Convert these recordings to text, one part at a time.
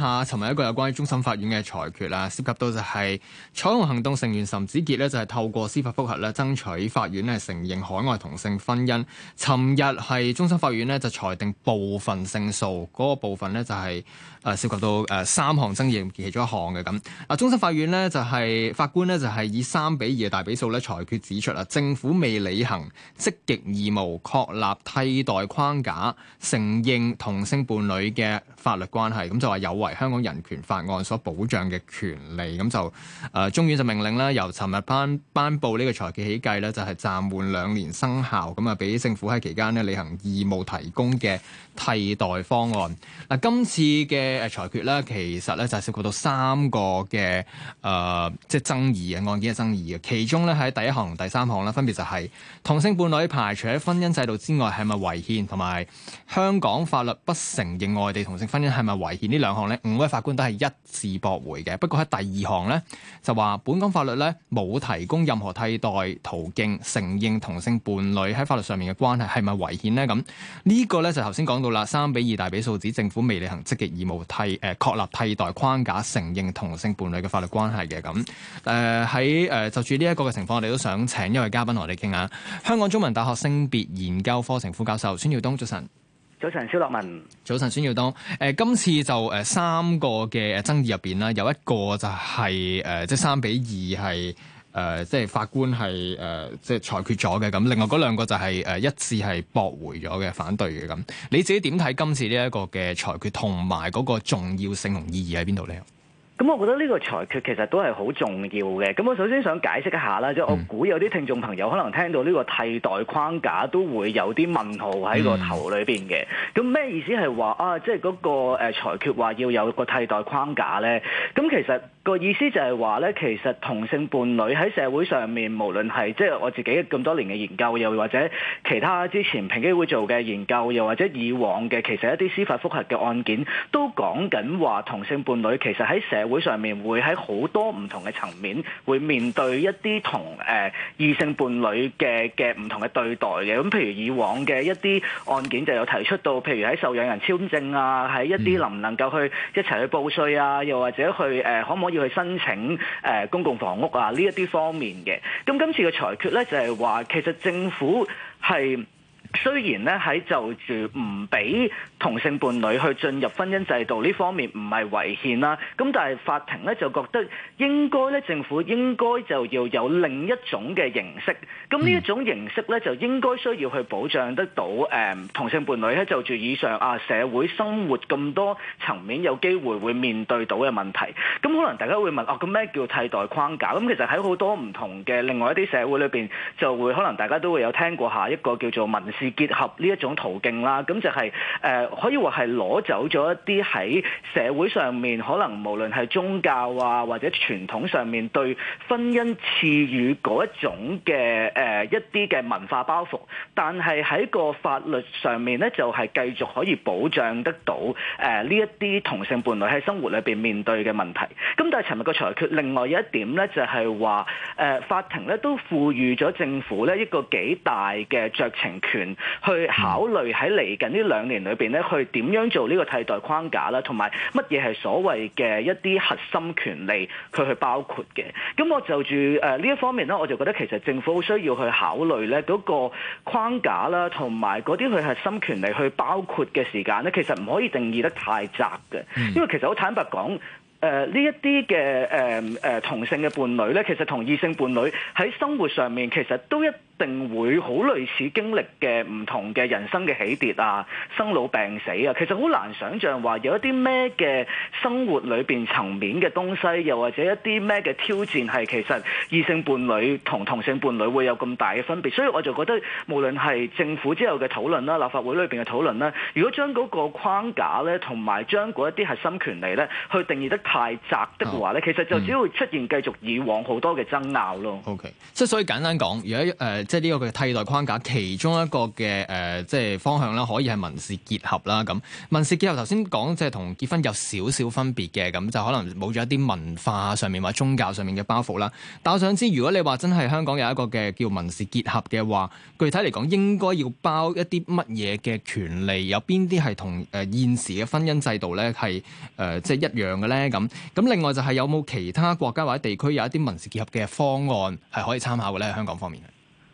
下，尋日一個有關於終審法院嘅裁決啦，涉及到就係彩虹行動成員岑子傑咧，就係、是、透過司法覆核咧，爭取法院咧承認海外同性婚姻。尋日係終審法院咧就裁定部分勝訴，嗰、那個部分咧就係誒涉及到誒三項爭議其中一項嘅咁。嗱，終審法院咧就係、是、法官咧就係以三比二嘅大比數咧裁決指出啦，政府未履行積極義務，確立替代框架，承認同性伴侶嘅法律關係，咁就話有違，香港《人權法案》所保障嘅權利，咁就誒、呃、中院就命令咧，由尋日頒頒布呢個裁決起計咧，就係暫緩兩年生效，咁啊俾政府喺期間咧履行義務提供嘅替代方案。嗱、呃，今次嘅誒、呃、裁決咧，其實咧就涉及到三個嘅誒、呃、即係爭議嘅案件嘅爭議嘅，其中咧喺第一項同第三項咧，分別就係同性伴侶排除喺婚姻制度之外係咪違憲同埋香港法律不承認外地同性婚姻係咪違憲呢兩項咧？五位法官都係一致駁回嘅，不過喺第二項呢，就話，本港法律呢，冇提供任何替代途徑，承認同性伴侶喺法律上面嘅關係係咪違憲呢？咁呢、呢個呢，就頭先講到啦，三比二大比數指政府未履行積極義務替誒確、呃、立替代框架，承認同性伴侶嘅法律關係嘅咁誒喺誒就住呢一個嘅情況，我哋都想請一位嘉賓同我哋傾下，香港中文大學性別研究課程副教授孫耀東神，早晨。早晨，蕭樂文。早晨，孫耀東。誒、呃，今次就誒、呃、三個嘅爭議入邊啦，有一個就係、是、誒、呃，即係三比二係誒、呃，即係法官係誒、呃，即係裁決咗嘅咁。另外嗰兩個就係、是、誒、呃、一致係駁回咗嘅，反對嘅咁。你自己點睇今次呢一個嘅裁決，同埋嗰個重要性同意義喺邊度咧？咁我覺得呢個裁決其實都係好重要嘅。咁我首先想解釋一下啦，即係我估有啲聽眾朋友可能聽到呢個替代框架都會有啲問號喺個頭裏面嘅。咁咩意思係話啊？即係嗰個裁決話要有個替代框架咧？咁其實。個意思就係話咧，其實同性伴侶喺社會上面，無論係即係我自己咁多年嘅研究，又或者其他之前平機會做嘅研究，又或者以往嘅其實一啲司法複核嘅案件，都講緊話同性伴侶其實喺社會上面會喺好多唔同嘅層面會面對一啲同誒異性伴侶嘅嘅唔同嘅對待嘅。咁譬如以往嘅一啲案件就有提出到，譬如喺受養人簽證啊，喺一啲能唔能夠去一齊去報稅啊，又或者去誒、呃、可唔可以。要去申請誒、呃、公共房屋啊呢一啲方面嘅，咁今次嘅裁決咧就係、是、話其實政府係。雖然咧喺就住唔俾同性伴侶去進入婚姻制度呢方面唔係違憲啦，咁但係法庭呢就覺得應該咧政府應該就要有另一種嘅形式，咁呢一種形式咧就應該需要去保障得到誒同性伴侶喺就住以上啊社會生活咁多層面有機會會面對到嘅問題，咁可能大家會問哦，咁啊咩叫替代框架？咁其實喺好多唔同嘅另外一啲社會裏面，就會可能大家都會有聽過下一個叫做民是結合呢一種途徑啦，咁就係、是、誒、呃、可以話係攞走咗一啲喺社會上面可能無論係宗教啊或者傳統上面對婚姻賜予嗰一種嘅誒、呃、一啲嘅文化包袱，但係喺個法律上面呢就係、是、繼續可以保障得到誒呢一啲同性伴侶喺生活裏邊面，面對嘅問題，咁但係尋日個裁決另外有一點呢就係話誒法庭呢都賦予咗政府呢一個幾大嘅酌情權。去考慮喺嚟緊呢兩年裏邊咧，去點樣做呢個替代框架啦，同埋乜嘢係所謂嘅一啲核心權利佢去包括嘅。咁我就住誒呢一方面咧，我就覺得其實政府好需要去考慮咧嗰個框架啦，同埋嗰啲佢核心權利去包括嘅時間咧，其實唔可以定義得太窄嘅。嗯、因為其實好坦白講，誒、呃、呢一啲嘅誒誒同性嘅伴侶咧，其實同異性伴侶喺生活上面其實都一定會好類似經歷嘅唔同嘅人生嘅起跌啊、生老病死啊，其實好難想象話有一啲咩嘅生活裏邊層面嘅東西，又或者一啲咩嘅挑戰係其實異性伴侶同同性伴侶會有咁大嘅分別，所以我就覺得無論係政府之後嘅討論啦、立法會裏邊嘅討論啦，如果將嗰個框架咧同埋將嗰一啲核心權利咧去定義得太窄的話咧，啊、其實就只會出現繼續以往好多嘅爭拗咯。OK，即係所以簡單講，而家誒。Uh, 即係呢個嘅替代框架，其中一個嘅誒、呃，即係方向啦，可以係民事結合啦。咁民事結合頭先講，即係同結婚有少少分別嘅，咁就可能冇咗一啲文化上面或者宗教上面嘅包袱啦。但我想知，如果你話真係香港有一個嘅叫民事結合嘅話，具體嚟講應該要包一啲乜嘢嘅權利？有邊啲係同誒現時嘅婚姻制度咧係誒即係一樣嘅咧？咁咁另外就係有冇其他國家或者地區有一啲民事結合嘅方案係可以參考嘅咧？香港方面。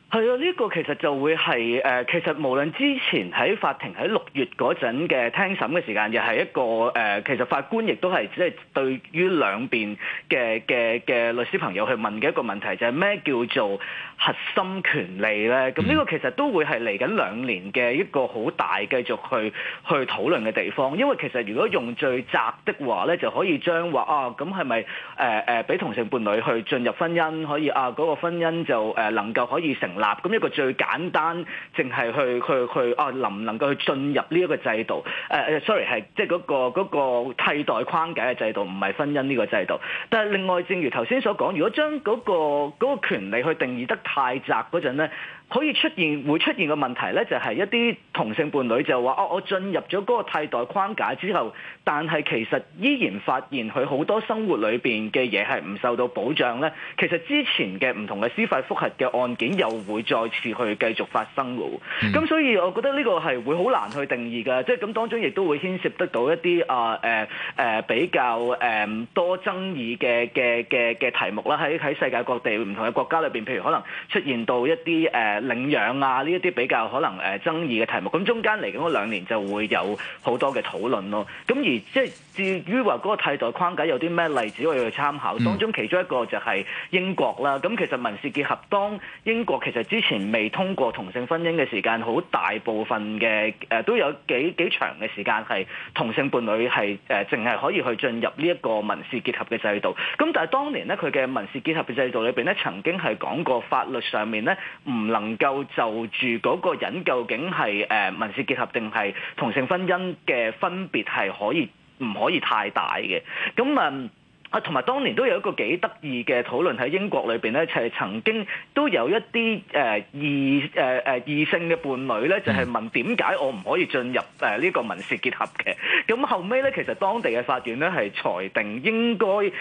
係啊，呢、這個其實就會係誒、呃，其實無論之前喺法庭喺六月嗰陣嘅聽審嘅時間，又係一個誒、呃，其實法官亦都係即係對於兩邊嘅嘅嘅律師朋友去問嘅一個問題，就係、是、咩叫做核心權利呢？咁呢個其實都會係嚟緊兩年嘅一個好大繼續去去討論嘅地方，因為其實如果用最窄的話呢，就可以將話啊，咁係咪誒誒俾同性伴侶去進入婚姻，可以啊嗰、那個婚姻就誒能夠可以成。立咁一個最簡單，淨係去去去啊，能唔能夠去進入呢一個制度？誒、啊、誒，sorry，係即係嗰個嗰、嗰個替代框架嘅制度，唔係婚姻呢個制度。但係另外，正如頭先所講，如果將嗰、嗰個嗰、嗰個權利去定義得太窄嗰陣咧，可以出現會出現嘅問題呢，就係一啲同性伴侶就話：哦、啊，我進入咗嗰個替代框架之後，但係其實依然發現佢好多生活裏邊嘅嘢係唔受到保障呢。」其實之前嘅唔同嘅司法複核嘅案件又會再次去繼續發生喎，咁所以我覺得呢個係會好難去定義㗎，即係咁當中亦都會牽涉得到一啲啊誒誒比較誒、呃、多爭議嘅嘅嘅嘅題目啦，喺喺世界各地唔同嘅國家裏邊，譬如可能出現到一啲誒、呃、領養啊呢一啲比較可能誒、呃、爭議嘅題目，咁中間嚟緊嗰兩年就會有好多嘅討論咯，咁而即係至於話嗰個替代、代框架有啲咩例子可以參考，當中其中一個就係英國啦，咁其實民事結合當英國其實。就之前未通過同性婚姻嘅時間，好大部分嘅誒、呃、都有幾幾長嘅時間係同性伴侶係誒，淨、呃、係可以去進入呢一個民事結合嘅制度。咁但係當年呢，佢嘅民事結合嘅制度裏面呢曾經係講過法律上面呢唔能夠就住嗰個人究竟係誒、呃、民事結合定係同性婚姻嘅分別係可以唔可以太大嘅。咁啊，同埋當年都有一個幾得意嘅討論喺英國裏面咧，就係、是、曾經都有一啲誒異誒誒異性嘅伴侶咧，就係問點解我唔可以進入呢個民事結合嘅？咁後尾咧，其實當地嘅法院咧係裁定應該誒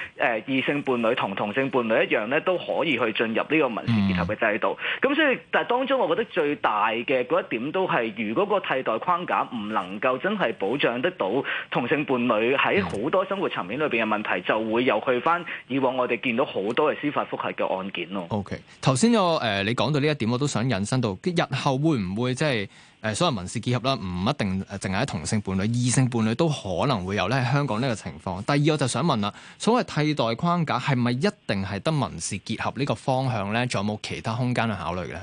異性伴侶同同性伴侶一樣咧，都可以去進入呢個民事結合嘅制度。咁所以，但係當中我覺得最大嘅嗰一點都係，如果個替代框架唔能夠真係保障得到同性伴侶喺好多生活層面裏面嘅問題，就會。會有去翻以往我哋見到好多嘅司法覆核嘅案件咯。OK，頭先我誒你講到呢一點，我都想引申到，日後會唔會即係誒所謂民事結合啦？唔一定淨係同性伴侶，異性伴侶都可能會有咧，喺香港呢個情況。第二，我就想問啦，所謂替代框架係咪一定係得民事結合呢個方向咧？仲有冇其他空間去考慮嘅係？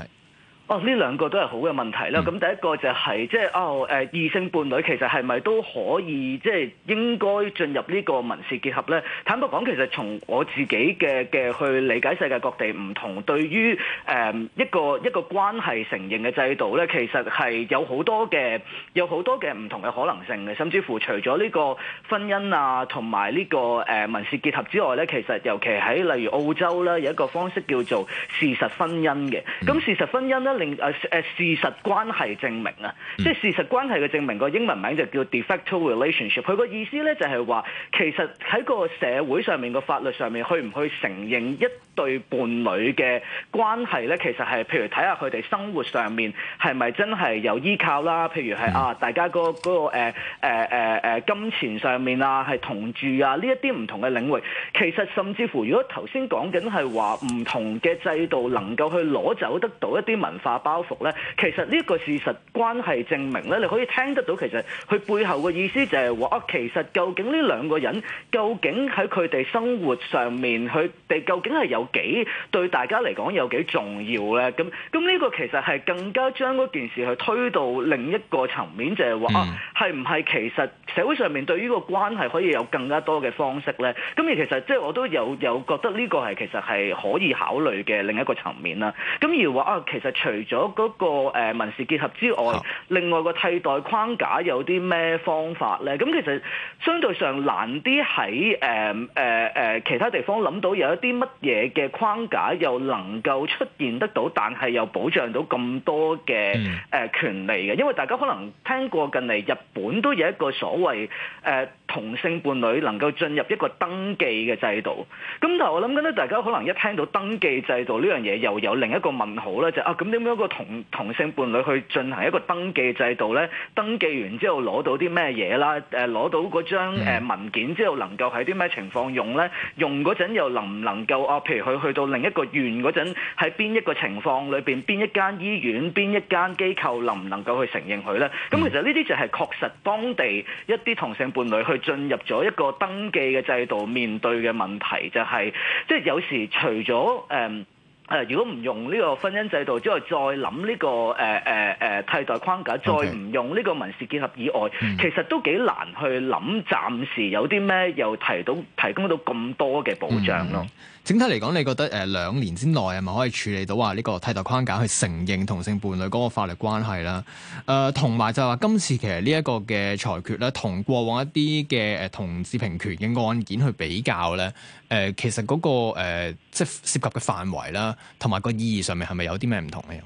呢、哦、兩個都係好嘅問題啦。咁、嗯、第一個就係即係哦，誒、呃、異性伴侶其實係咪都可以即係、就是、應該進入呢個民事結合咧？坦白講，其實從我自己嘅嘅去理解世界各地唔同對於誒、呃、一個一個關係承認嘅制度咧，其實係有好多嘅有好多嘅唔同嘅可能性嘅。甚至乎除咗呢個婚姻啊，同埋呢個誒、呃、民事結合之外咧，其實尤其喺例如澳洲咧，有一個方式叫做事實婚姻嘅。咁事實婚姻咧。事實關係證明啊，即事實關係嘅證明、個英文名就叫 de facto relationship。佢個意思咧就係話，其實喺個社會上面、個法律上面，去唔去承認一對伴侶嘅關係咧，其實係譬如睇下佢哋生活上面係咪真係有依靠啦？譬如係、嗯、啊，大家嗰、嗰個、嗰個啊啊啊啊啊、金錢上面啊，係同住啊，呢一啲唔同嘅領域，其實甚至乎如果頭先講緊係話唔同嘅制度能夠去攞走得到一啲文化包袱咧，其實呢個事實關係證明咧，你可以聽得到，其實佢背後嘅意思就係話啊，其實究竟呢兩個人究竟喺佢哋生活上面，佢哋究竟係有幾對大家嚟講有幾重要咧？咁咁呢個其實係更加將嗰件事去推到另一個層面，就係話啊，係唔係其實社會上面對於呢個關係可以有更加多嘅方式咧？咁而其實即係我都有有覺得呢個係其實係可以考慮嘅另一個層面啦。咁而話啊，其實。除咗嗰個誒民事結合之外，另外個替代框架有啲咩方法咧？咁其實相對上難啲，喺誒誒誒其他地方諗到有一啲乜嘢嘅框架，又能夠出現得到，但係又保障到咁多嘅誒、呃、權利嘅。因為大家可能聽過近嚟日本都有一個所謂誒、呃、同性伴侶能夠進入一個登記嘅制度。咁但係我諗緊咧，大家可能一聽到登記制度呢樣嘢，又有另一個問號咧，就是、啊咁你。咁一個同同性伴侶去進行一個登記制度呢，登記完之後攞到啲咩嘢啦？誒、啊，攞到嗰張誒文件之後，能夠喺啲咩情況用呢？用嗰陣又能唔能夠啊？譬如佢去到另一個縣嗰陣，喺邊一個情況裏邊，邊一間醫院、邊一間機構能唔能夠去承認佢呢？咁、嗯、其實呢啲就係確實當地一啲同性伴侶去進入咗一個登記嘅制度面對嘅問題、就係，就係、是、即有時除咗誒誒，如果唔用呢個婚姻制度之外，再諗呢、這個誒誒誒替代框架，再唔用呢個民事結合以外，Okay. 其實都幾難去諗。暫時有啲咩又提到提供到咁多嘅保障咯、嗯？整體嚟講，你覺得誒兩、呃、年之內係咪可以處理到話呢、這個替代框架去承認同性伴侶嗰個法律關係啦？誒、呃，同埋就話今次其實呢一個嘅裁決咧，同過往一啲嘅誒同志平權嘅案件去比較咧，誒、呃，其實嗰、那個、呃即涉及嘅範圍啦，同埋個意義上面，係咪有啲咩唔同咧？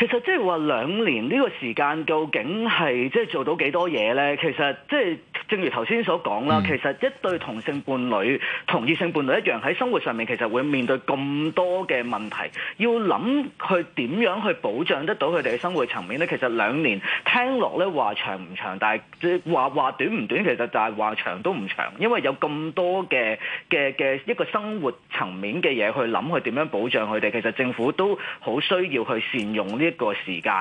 其實即係話兩年呢個時間究竟係即係做到幾多嘢咧？其實即係正如頭先所講啦，其實一對同性伴侶同異性伴侶一樣，喺生活上面，其實會面對咁多嘅問題，要諗，去點樣去保障得到佢哋嘅生活層面咧。其實兩年聽落咧話長唔長，但係話，話短唔短，其實就係話長都唔長，因為有咁多嘅、嘅、嘅一個生活層面嘅嘢去諗，去點樣保障佢哋。其實政府都好需要去善用呢一個時間，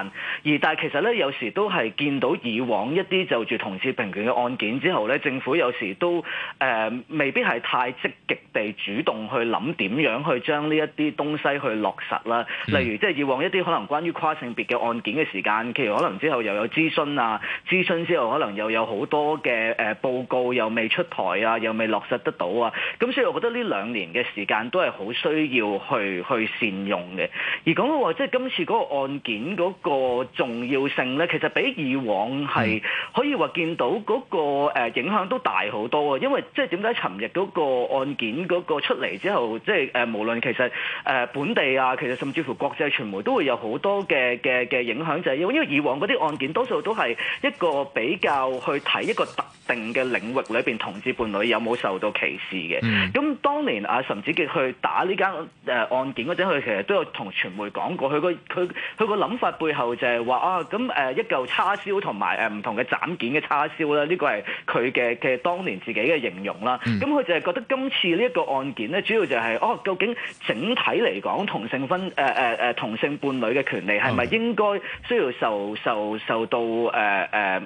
而但係其實咧，有時都係見到以往一啲就住同志平權嘅案件之後咧，政府有時都誒、呃、未必係太積極地主動去諗點樣去將呢一啲東西去落實啦。例如，即係以往一啲可能關於跨性別嘅案件嘅時間，譬如可能之後又有諮詢啊，諮詢之後可能又有好多嘅誒報告又未出台啊，又未落實得到啊。咁所以，我覺得呢兩年嘅時間都係好需要去去善用嘅。而講到話，即係今次嗰個案。件嗰個重要性咧，其實比以往係可以話見到嗰個誒影響都大好多啊！因為即係點解尋日嗰個案件嗰個出嚟之後，即係誒無論其實誒本地啊，其實甚至乎國際傳媒都會有好多嘅嘅嘅影響，就係因因為，以往嗰啲案件多數都係一個比較去睇一個特定嘅領域裏邊同志伴侶有冇受到歧視嘅。咁、嗯、當年啊，岑子杰去打呢間誒案件嗰陣，佢其實都有同傳媒講過，佢個佢佢。個諗法背後就係、是、話啊，咁誒一嚿叉燒同埋誒唔同嘅斬件嘅叉燒咧，呢個係佢嘅嘅當年自己嘅形容啦。咁佢、嗯、就係覺得今次呢一個案件咧，主要就係、是、哦、啊，究竟整體嚟講同性婚誒誒誒同性伴侶嘅權利係咪應該需要受受受到誒誒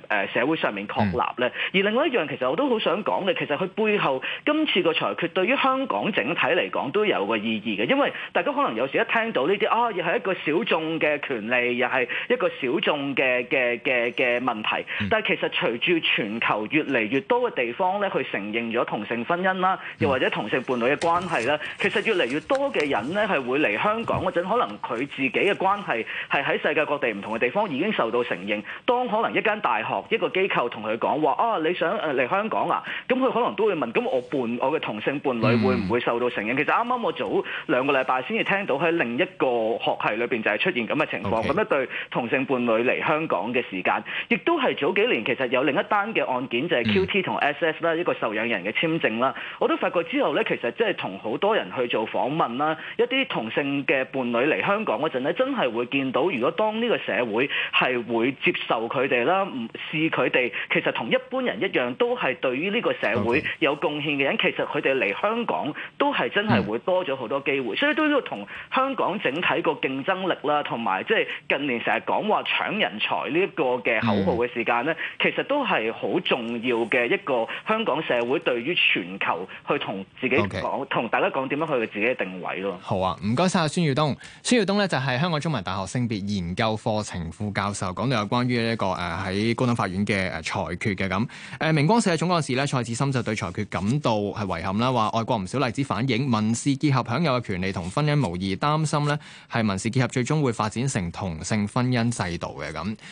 誒社會上面確立咧？嗯、而另外一樣其實我都好想講嘅，其實佢背後今次個裁決對於香港整體嚟講都有個意義嘅，因為大家可能有時一聽到呢啲啊，又係一個小眾嘅。權利又係一個小眾嘅嘅嘅嘅問題，但係其實隨住全球越嚟越多嘅地方咧，去承認咗同性婚姻啦，又或者同性伴侶嘅關係啦，其實越嚟越多嘅人咧係會嚟香港陣，可能佢自己嘅關係係喺世界各地唔同嘅地方已經受到承認，當可能一間大學一個機構同佢講話啊，你想嚟香港啊，咁佢可能都會問，咁我伴我嘅同性伴侶會唔會受到承認？嗯、其實啱啱我早兩個禮拜先至聽到喺另一個學系裏邊就係出現咁嘅。情況咁樣對同性伴侶嚟香港嘅時間，亦都係早幾年，其實有另一單嘅案件就係、是、QT 同 SS 啦，一個受養人嘅簽證啦。我都發覺之後呢，其實即係同好多人去做訪問啦，一啲同性嘅伴侶嚟香港嗰陣呢，真係會見到，如果當呢個社會係會接受佢哋啦，唔試佢哋，其實同一般人一樣，都係對於呢個社會有貢獻嘅人，其實佢哋嚟香港都係真係會多咗好多機會，Okay. 所以都要同香港整體個競爭力啦，同埋。即係近年成日講話搶人才呢一個嘅口號嘅時間呢，嗯、其實都係好重要嘅一個香港社會對於全球去同自己講、Okay. 同大家講點樣去自己嘅定位咯。好啊，唔該晒阿孫耀東。孫耀東呢就係、是、香港中文大學性別研究課程副教授，講到有關於呢、這、一個喺、呃、高等法院嘅、呃、裁決嘅咁、呃。明光社總幹事呢蔡志深就對裁決感到係遺憾啦，話外國唔少例子反映民事結合享有嘅權利同婚姻無異，擔心呢係民事結合最終會發展。成同性婚姻制度嘅咁。